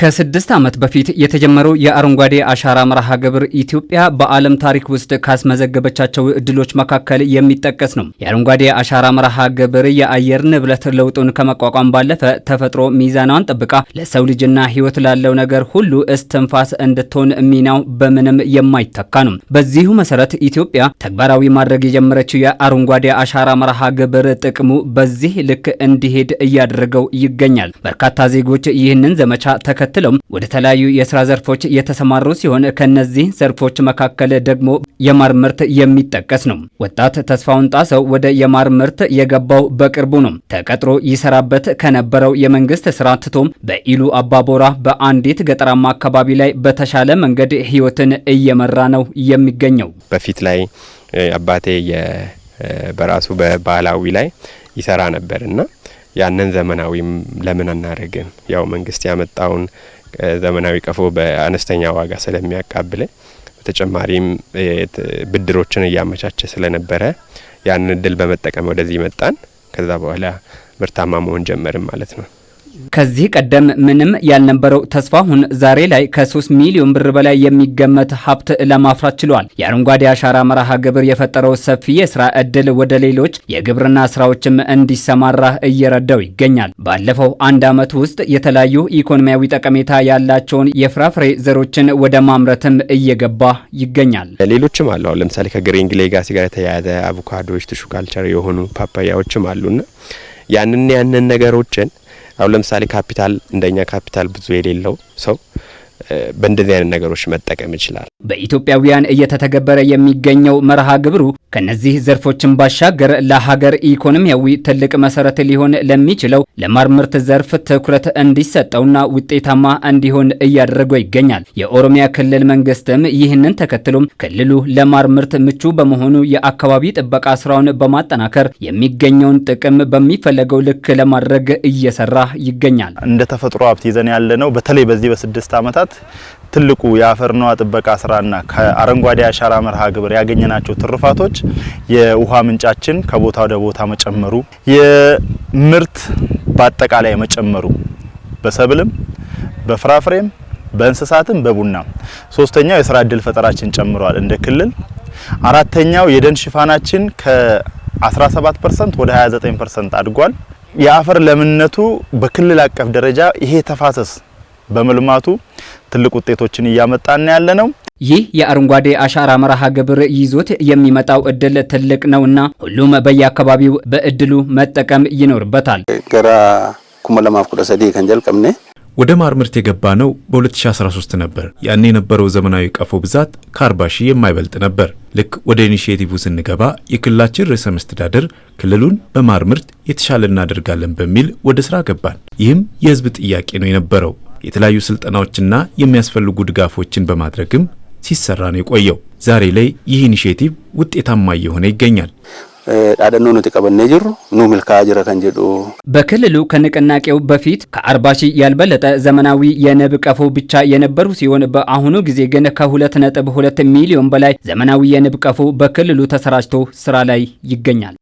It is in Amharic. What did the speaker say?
ከስድስት ዓመት በፊት የተጀመረው የአረንጓዴ አሻራ መርሃ ግብር ኢትዮጵያ በዓለም ታሪክ ውስጥ ካስመዘገበቻቸው እድሎች መካከል የሚጠቀስ ነው። የአረንጓዴ አሻራ መርሃ ግብር የአየር ንብረት ለውጡን ከመቋቋም ባለፈ ተፈጥሮ ሚዛናዋን ጠብቃ ለሰው ልጅና ሕይወት ላለው ነገር ሁሉ እስትንፋስ እንድትሆን ሚናው በምንም የማይተካ ነው። በዚሁ መሰረት ኢትዮጵያ ተግባራዊ ማድረግ የጀመረችው የአረንጓዴ አሻራ መርሃ ግብር ጥቅሙ በዚህ ልክ እንዲሄድ እያደረገው ይገኛል። በርካታ ዜጎች ይህንን ዘመቻ ተከ ተከትሎም ወደ ተለያዩ የስራ ዘርፎች የተሰማሩ ሲሆን ከነዚህ ዘርፎች መካከል ደግሞ የማር ምርት የሚጠቀስ ነው። ወጣት ተስፋውን ጣሰው ወደ የማር ምርት የገባው በቅርቡ ነው። ተቀጥሮ ይሰራበት ከነበረው የመንግስት ስራ ትቶ በኢሉ አባቦራ በአንዲት ገጠራማ አካባቢ ላይ በተሻለ መንገድ ህይወትን እየመራ ነው የሚገኘው። በፊት ላይ አባቴ በራሱ በባህላዊ ላይ ይሰራ ነበር እና ያንን ዘመናዊም ለምን አናደርግም? ያው መንግስት ያመጣውን ዘመናዊ ቀፎ በአነስተኛ ዋጋ ስለሚያቃብል በተጨማሪም ብድሮችን እያመቻቸ ስለነበረ ያንን እድል በመጠቀም ወደዚህ መጣን። ከዛ በኋላ ምርታማ መሆን ጀመርም ማለት ነው። ከዚህ ቀደም ምንም ያልነበረው ተስፋ አሁን ዛሬ ላይ ከ3 ሚሊዮን ብር በላይ የሚገመት ሀብት ለማፍራት ችሏል። የአረንጓዴ አሻራ መርሃ ግብር የፈጠረው ሰፊ የስራ ዕድል ወደ ሌሎች የግብርና ስራዎችም እንዲሰማራ እየረዳው ይገኛል። ባለፈው አንድ ዓመት ውስጥ የተለያዩ ኢኮኖሚያዊ ጠቀሜታ ያላቸውን የፍራፍሬ ዘሮችን ወደ ማምረትም እየገባ ይገኛል። ሌሎችም አሉ። አሁን ለምሳሌ ከግሪንግ ሌጋሲ ጋር የተያያዘ አቮካዶዎች፣ ቲሹ ካልቸር የሆኑ ፓፓያዎችም አሉና ያንን ያንን ነገሮችን አሁን ለምሳሌ ካፒታል እንደኛ ካፒታል ብዙ የሌለው ሰው በእንደዚህ አይነት ነገሮች መጠቀም ይችላል። በኢትዮጵያውያን እየተተገበረ የሚገኘው መርሃ ግብሩ ከነዚህ ዘርፎችን ባሻገር ለሀገር ኢኮኖሚያዊ ትልቅ መሰረት ሊሆን ለሚችለው ለማር ምርት ዘርፍ ትኩረት እንዲሰጠውና ውጤታማ እንዲሆን እያደረገው ይገኛል። የኦሮሚያ ክልል መንግስትም ይህንን ተከትሎም ክልሉ ለማር ምርት ምቹ በመሆኑ የአካባቢ ጥበቃ ስራውን በማጠናከር የሚገኘውን ጥቅም በሚፈለገው ልክ ለማድረግ እየሰራ ይገኛል። እንደ ተፈጥሮ ሀብት ይዘን ያለ ነው። በተለይ በዚህ በስድስት ዓመታት ትልቁ የአፈር ነዋ ጥበቃ ስራና ከአረንጓዴ አሻራ መርሃ ግብር ያገኘናቸው ትሩፋቶች የውሃ ምንጫችን ከቦታ ወደ ቦታ መጨመሩ፣ የምርት በአጠቃላይ መጨመሩ በሰብልም በፍራፍሬም በእንስሳትም በቡናም። ሶስተኛው የስራ እድል ፈጠራችን ጨምሯል እንደ ክልል። አራተኛው የደን ሽፋናችን ከ17% ወደ 29% አድጓል። የአፈር ለምነቱ በክልል አቀፍ ደረጃ ይሄ ተፋሰስ በመልማቱ ትልቅ ውጤቶችን እያመጣን ያለ ነው። ይህ የአረንጓዴ አሻራ መርሃ ግብር ይዞት የሚመጣው እድል ትልቅ ነው እና ሁሉም በየአካባቢው በእድሉ መጠቀም ይኖርበታል። ገራ ኩመለማፍ ቁደሰዲ ከንጀል ቀምኔ ወደ ማር ምርት የገባ ነው በ2013 ነበር። ያን የነበረው ዘመናዊ ቀፎ ብዛት ከ40 ሺህ የማይበልጥ ነበር። ልክ ወደ ኢኒሽቲቭ ስንገባ የክልላችን ርዕሰ መስተዳድር ክልሉን በማር ምርት የተሻለ እናደርጋለን በሚል ወደ ስራ ገባን። ይህም የህዝብ ጥያቄ ነው የነበረው። የተለያዩ ስልጠናዎችና የሚያስፈልጉ ድጋፎችን በማድረግም ሲሰራ ነው የቆየው። ዛሬ ላይ ይህ ኢኒሽቲቭ ውጤታማ እየሆነ ይገኛል። ዳደኖ ጅሩ ኑ ምልካ ጅረ በክልሉ ከንቅናቄው በፊት ከአርባ ሺህ ያልበለጠ ዘመናዊ የንብ ቀፎ ብቻ የነበሩ ሲሆን በአሁኑ ጊዜ ግን ከሁለት ነጥብ ሁለት ሚሊዮን በላይ ዘመናዊ የንብ ቀፎ በክልሉ ተሰራጭቶ ስራ ላይ ይገኛል።